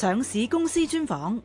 上市公司專訪。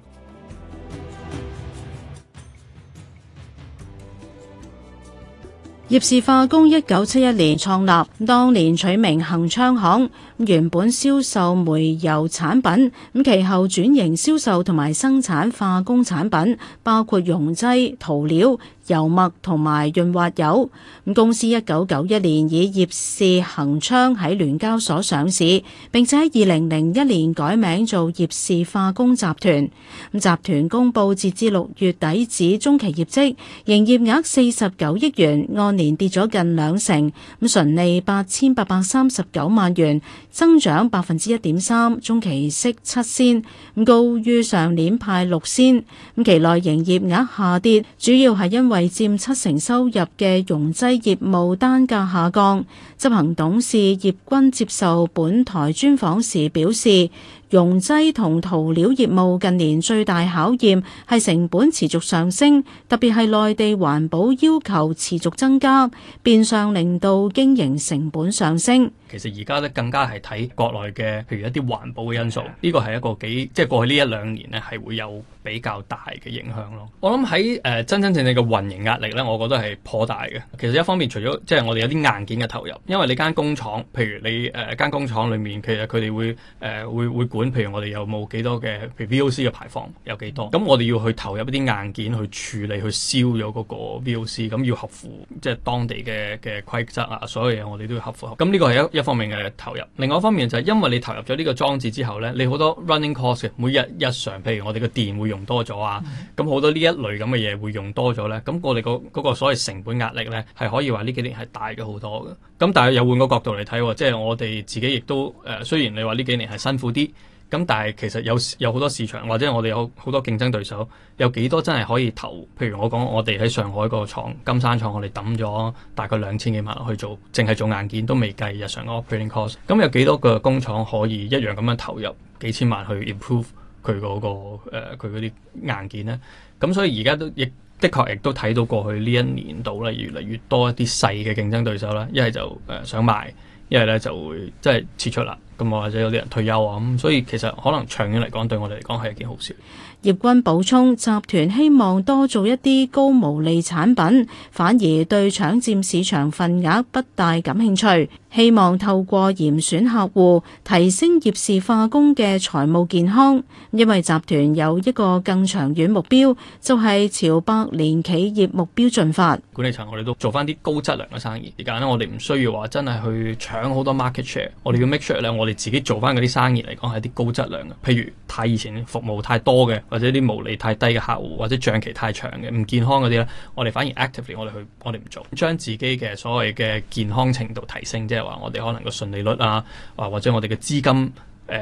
葉氏化工一九七一年創立，當年取名恒昌行，原本銷售煤油產品，咁其後轉型銷售同埋生產化工產品，包括溶劑、塗料。油墨同埋潤滑油。咁公司一九九一年以葉氏恒昌喺聯交所上市，並且喺二零零一年改名做葉氏化工集團。咁集團公布截至六月底止中期業績，營業額四十九億元，按年跌咗近兩成。咁純利八千八百三十九萬元，增長百分之一點三，中期息七仙，咁高於上年派六仙。咁期內營業額下跌，主要係因為。為占七成收入嘅溶劑業務單價下降，執行董事葉君接受本台專訪時表示。溶劑同塗料業務近年最大考驗係成本持續上升，特別係內地環保要求持續增加，變相令到經營成本上升。其實而家咧更加係睇國內嘅，譬如一啲環保嘅因素，呢個係一個幾即係過去呢一兩年呢係會有比較大嘅影響咯。我諗喺誒真真正正嘅運營壓力呢，我覺得係頗大嘅。其實一方面除咗即係我哋有啲硬件嘅投入，因為你間工廠，譬如你誒間工廠裡面，其實佢哋會誒、呃、會會管。譬如我哋有冇幾多嘅譬如 VOC 嘅排放有幾多？咁、嗯、我哋要去投入一啲硬件去處理，去燒咗嗰個 VOC，咁要合乎，即、就、係、是、當地嘅嘅規則啊，所有嘢我哋都要合符。咁呢個係一一方面嘅投入。另外一方面就係因為你投入咗呢個裝置之後咧，你好多 running cost 每日日常，譬如我哋個電會用多咗啊，咁好、嗯、多呢一類咁嘅嘢會用多咗咧，咁我哋嗰、那個那個所謂成本壓力咧係可以話呢幾年係大咗好多嘅。咁但係又換個角度嚟睇，哦，即係我哋自己亦都誒，雖然你話呢幾年係辛苦啲。咁但係其實有有好多市場或者我哋有好多競爭對手，有幾多真係可以投？譬如我講，我哋喺上海個廠、金山廠，我哋抌咗大概兩千幾萬去做，淨係做硬件都未計日常個 operating cost。咁有幾多個工廠可以一樣咁樣投入幾千萬去 improve 佢嗰、嗰個誒佢啲硬件咧？咁所以而家都亦的確亦都睇到過去呢一年度啦，越嚟越多一啲細嘅競爭對手啦，一係就誒想賣，一係咧就會即係撤出啦。咁或者有啲人退休啊，咁所以其實可能長遠嚟講對我哋嚟講係一件好事。葉軍補充：集團希望多做一啲高毛利產品，反而對搶佔市場份額不大感興趣。希望透過嚴選客戶，提升葉氏化工嘅財務健康。因為集團有一個更長遠目標，就係朝百年企業目標進發。管理層，我哋都做翻啲高質量嘅生意，而家咧我哋唔需要話真係去搶好多 market share，我哋要 make sure 咧我我哋自己做翻嗰啲生意嚟講，係啲高質量嘅。譬如太以前服務太多嘅，或者啲毛利太低嘅客戶，或者賬期太長嘅，唔健康嗰啲咧，我哋反而 actively 我哋去我哋唔做，將自己嘅所謂嘅健康程度提升，即係話我哋可能個信利率啊，或者我哋嘅資金誒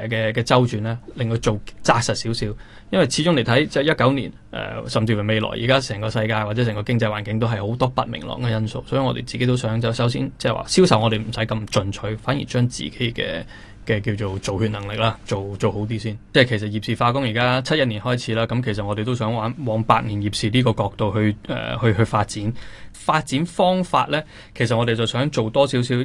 嘅嘅周轉咧，令佢做紮實少少。因為始終嚟睇，即係一九年誒、呃，甚至乎未來，而家成個世界或者成個經濟環境都係好多不明朗嘅因素，所以我哋自己都想就首先即係話銷售，我哋唔使咁進取，反而將自己嘅嘅叫做造血能力啦，做做好啲先。即係其實葉氏化工而家七一年開始啦，咁其實我哋都想往百年葉氏呢個角度去誒、呃、去去發展。發展方法咧，其實我哋就想做多少少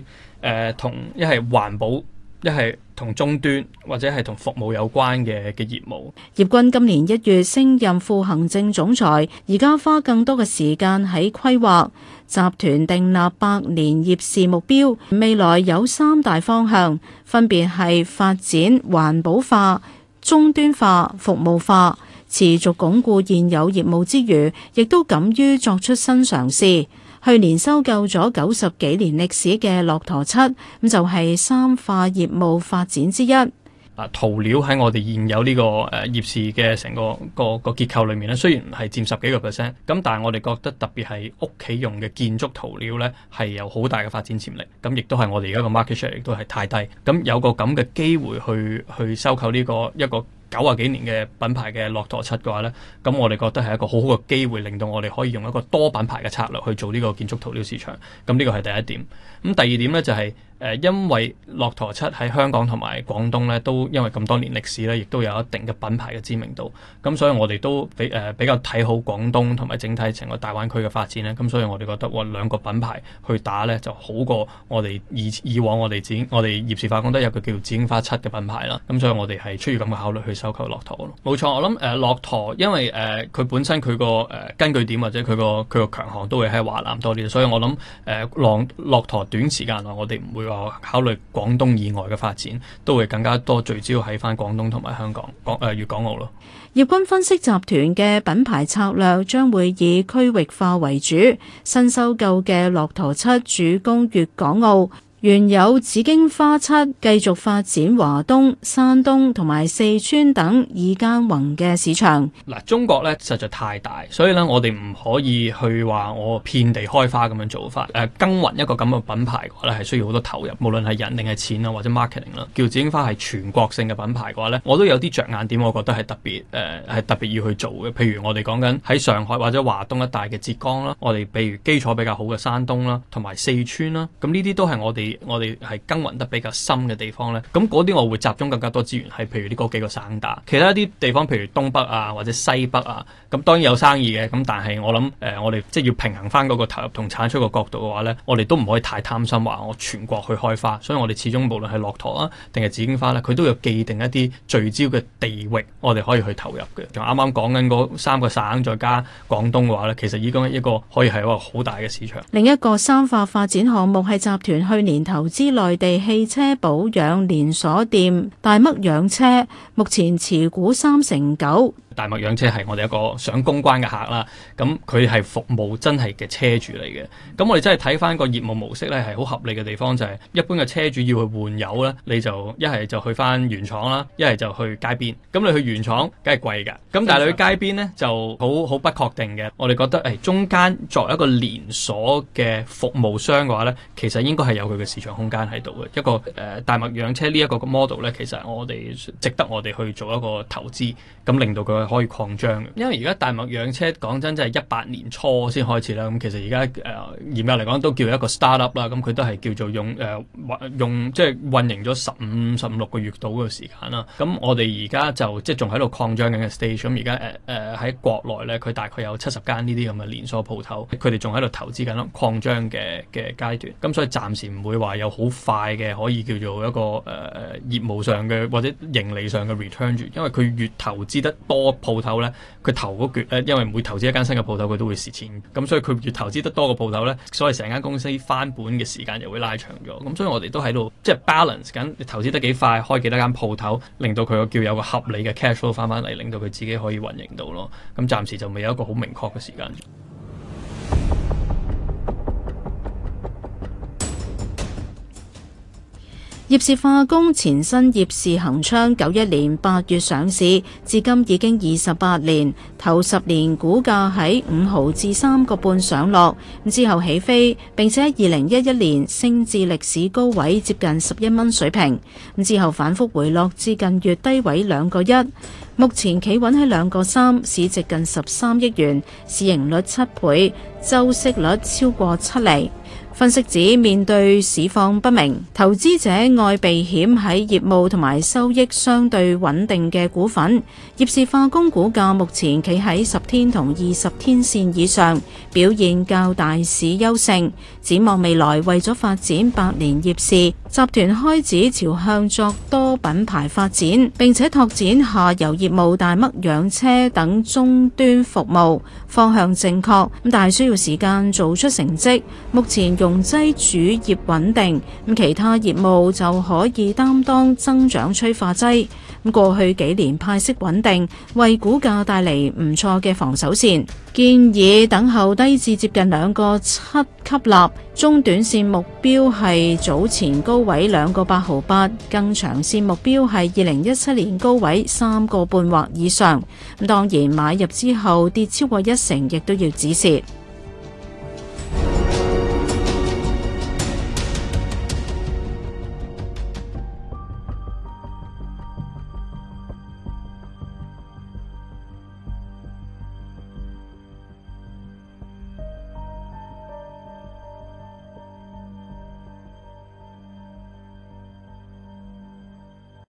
誒同一係環保。一係同終端或者係同服務有關嘅嘅業務。葉軍今年一月升任副行政總裁，而家花更多嘅時間喺規劃集團訂立百年葉氏目標。未來有三大方向，分別係發展環保化、終端化、服務化，持續鞏固現有業務之餘，亦都敢於作出新嘗試，試。去年收購咗九十幾年歷史嘅駱駝漆，咁就係三化業務發展之一。啊，塗料喺我哋現有呢、這個誒、呃、業市嘅成個個個結構裏面咧，雖然係佔十幾個 percent，咁但係我哋覺得特別係屋企用嘅建築塗料咧，係有好大嘅發展潛力。咁亦都係我哋而家個 market share 亦都係太低。咁有個咁嘅機會去去收購呢、這個一個。九啊幾年嘅品牌嘅駱駝漆嘅話呢，咁我哋覺得係一個好好嘅機會，令到我哋可以用一個多品牌嘅策略去做呢個建築塗料市場。咁呢個係第一點。咁第二點呢、就是，就係誒，因為駱駝漆喺香港同埋廣東呢，都因為咁多年歷史呢，亦都有一定嘅品牌嘅知名度。咁所以我哋都比誒、呃、比較睇好廣東同埋整體成個大灣區嘅發展咧。咁所以我哋覺得喎兩個品牌去打呢，就好過我哋以以往我哋紫我哋葉氏化工都有個叫做紫荊花漆嘅品牌啦。咁所以我哋係出於咁嘅考慮去。收購駱駝漆，冇錯，我諗誒駱駝，因為誒佢、呃、本身佢個誒根據點或者佢個佢個強項都會喺華南多啲，所以我諗誒浪駱駝短時間內我哋唔會話考慮廣東以外嘅發展，都會更加多聚焦喺返廣東同埋香港廣誒粵港澳咯。葉鈞分析集團嘅品牌策略將會以區域化為主，新收購嘅駱駝漆主攻粵港澳。原有紫荊花漆繼續發展華東、山東同埋四川等二間宏嘅市場。嗱，中國咧實在太大，所以咧我哋唔可以去話我遍地開花咁樣做法。誒、呃，耕耘一個咁嘅品牌嘅話咧，係需要好多投入，無論係人定係錢咯、啊，或者 marketing 咯、啊。叫紫荊花係全國性嘅品牌嘅話咧，我都有啲着眼點，我覺得係特別誒，係、呃、特別要去做嘅。譬如我哋講緊喺上海或者華東一帶嘅浙江啦、啊，我哋譬如基礎比較好嘅山東啦、啊，同埋四川啦、啊，咁呢啲都係我哋。我哋係耕耘得比較深嘅地方呢。咁嗰啲我會集中更加多資源，喺譬如呢嗰幾個省打，其他一啲地方譬如東北啊，或者西北啊，咁當然有生意嘅，咁但係我諗誒、呃，我哋即係要平衡翻嗰個投入同產出個角度嘅話呢，我哋都唔可以太貪心話我全國去開花，所以我哋始終無論係駱駝啊定係紫荊花呢、啊，佢都有既定一啲聚焦嘅地域，我哋可以去投入嘅。就啱啱講緊嗰三個省再加廣東嘅話呢，其實已經一個可以係一個好大嘅市場。另一個三化發展項目係集團去年。投資內地汽車保養連鎖店，大麥養車，目前持股三成九。大麥養車係我哋一個想公關嘅客啦，咁佢係服務真係嘅車主嚟嘅。咁我哋真係睇翻個業務模式咧，係好合理嘅地方就係、是、一般嘅車主要去換油咧，你就一係就去翻原廠啦，一係就去街邊。咁你去原廠梗係貴㗎，咁但係你去街邊咧就好好不確定嘅。我哋覺得誒，中間作為一個連鎖嘅服務商嘅話咧，其實應該係有佢嘅市場空間喺度嘅。一個誒、呃、大麥養車呢一個 model 咧，其實我哋值得我哋去做一個投資，咁令到佢，可以擴張，因為而家大麥養車講真，真係一八年初先開始啦。咁其實而家誒嚴格嚟講都叫一個 start up 啦。咁佢都係叫做用誒、呃、用即係運營咗十五十五六個月度嘅時間啦。咁我哋而家就即係仲喺度擴張緊嘅 stage。咁而家誒誒喺國內咧，佢大概有七十間呢啲咁嘅連鎖鋪頭，佢哋仲喺度投資緊擴張嘅嘅階段。咁所以暫時唔會話有好快嘅可以叫做一個誒、呃、業務上嘅或者盈利上嘅 return，住因為佢越投資得多。鋪頭呢，佢投嗰橛，因為每投資一間新嘅鋪頭，佢都會蝕錢。咁所以佢越投資得多個鋪頭呢，所以成間公司翻本嘅時間就會拉長咗。咁所以我哋都喺度即係 balance 緊，你投資得幾快，開幾多間鋪頭，令到佢叫有個合理嘅 cash flow 翻翻嚟，令到佢自己可以運營到咯。咁暫時就未有一個好明確嘅時間。葉氏化工前身葉氏恒昌，九一年八月上市，至今已經二十八年。頭十年股價喺五毫至三個半上落，之後起飛，並且二零一一年升至歷史高位接近十一蚊水平，之後反復回落至近月低位兩個一，目前企穩喺兩個三，市值近十三億元，市盈率七倍，週息率超過七厘。分析指，面對市況不明，投資者愛避險喺業務同埋收益相對穩定嘅股份。葉氏化工股價目前企喺十天同二十天線以上，表現較大市優勝。展望未來為咗發展百年葉氏集團開始朝向作多品牌發展，並且拓展下游業務，大麥養車等終端服務方向正確，咁但係需要時間做出成績，目前用。同劑主業穩定，咁其他業務就可以擔當增長催化劑。咁過去幾年派息穩定，為股價帶嚟唔錯嘅防守線。建議等候低至接近兩個七吸納。中短線目標係早前高位兩個八毫八，更長線目標係二零一七年高位三個半或以上。咁當然買入之後跌超過一成，亦都要止蝕。